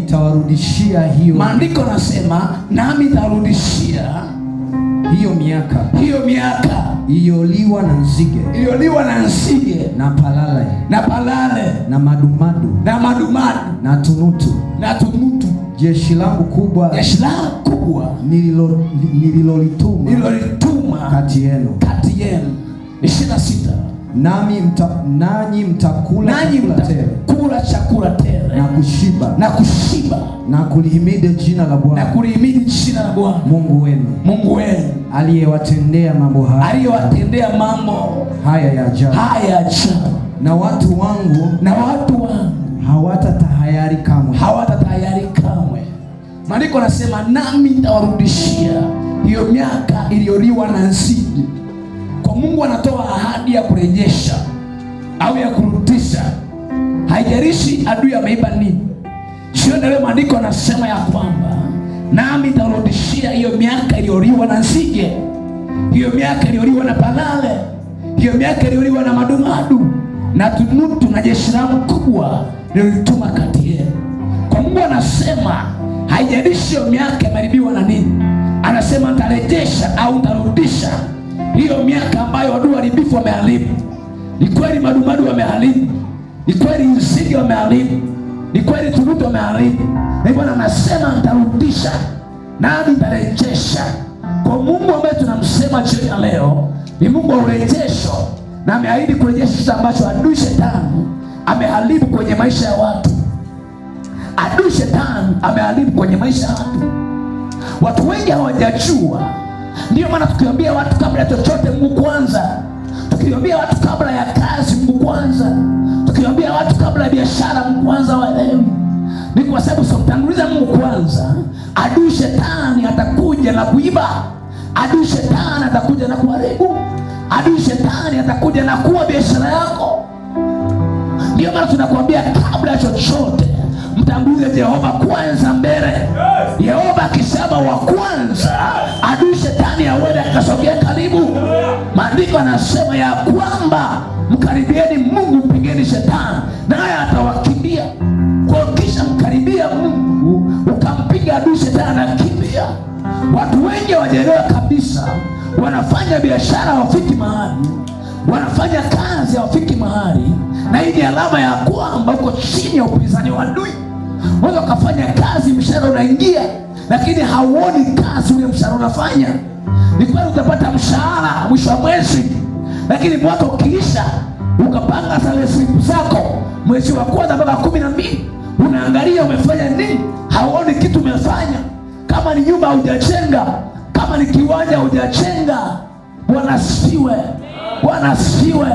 itawarudishia hiyo. Maandiko nasema nami nitarudishia hiyo miaka, hiyo miaka iliyoliwa na nzige, iliyoliwa na nzige na palale, na palale na madumadu, na madumadu na tunutu, na tunutu, jeshi langu kubwa, jeshi langu kubwa nililolituma, nililolituma kati yenu, kati yenu. ishirini na sita Nami mta, nanyi mtakula nanyi mtakula chakula tele na kushiba na kushiba na kulihimidi jina la Bwana na kulihimidi jina la Bwana Mungu wenu Mungu wenu aliyewatendea mambo haya aliyewatendea mambo haya ya ajabu haya ajabu. Na watu wangu na watu wangu hawatatahayari kamwe hawatatahayari kamwe. Maandiko nasema nami nitawarudishia hiyo miaka iliyoliwa na nzige. Kwa Mungu anatoa ahadi ya kurejesha au ya kurudisha, haijalishi adui ameiba nini. Sio ndio? Maandiko anasema ya kwamba nami nitarudishia hiyo miaka iliyoliwa na nzige, hiyo miaka iliyoliwa na palale, hiyo miaka iliyoliwa na madumadu na tunutu na jeshi langu kubwa nilituma kati yenu. Kwa Mungu anasema haijalishi hiyo miaka imeharibiwa na nini, anasema nitarejesha au nitarudisha hiyo miaka ambayo wadu waharibifu wameharibu. Ni kweli madumadu wameharibu, ni kweli nzige wameharibu, ni kweli turutu wameharibu, na Bwana anasema nitarudisha nami nitarejesha. Kwa Mungu ambaye tunamsema jioni ya leo ni Mungu wa urejesho, na ameahidi kurejesha kitu ambacho adui shetani ameharibu kwenye maisha ya watu. Adui shetani ameharibu kwenye maisha ya watu. Watu wengi hawajajua Ndiyo maana tukiambia watu kabla ya chochote, Mungu kwanza, tukiambia watu kabla ya kazi, Mungu kwanza, tukiambia watu kabla ya biashara, Mungu kwanza, waelewi ni kwa sababu somtanguliza Mungu kwanza, adui shetani atakuja na kuiba, adui shetani atakuja na kuharibu, adui shetani atakuja na kuwa biashara yako. ndiyo maana tunakuambia kabla ya chochote, mtangulize Jehova kwanza mbele maandiko anasema ya kwamba mkaribieni Mungu, mpingeni shetani naye atawakimbia. Kwa kisha mkaribia Mungu ukampiga adui, shetani anakimbia. Watu wengi hawajaelewa kabisa, wanafanya biashara hawafiki mahali, wanafanya kazi hawafiki mahali, na hii ni alama ya kwamba uko chini ya upinzani wa adui. Unaweza ukafanya kazi, mshahara unaingia, lakini hauoni kazi ule mshahara unafanya ni kweli utapata mshahara mwisho wa mwezi, lakini mwaka ukiisha ukapanga zile siku zako, mwezi wa kwanza mpaka kumi na mbili unaangalia umefanya nini, hauoni kitu umefanya. Kama ni nyumba hujachenga, kama ni kiwanja hujachenga. Bwana sifiwe! Bwana sifiwe!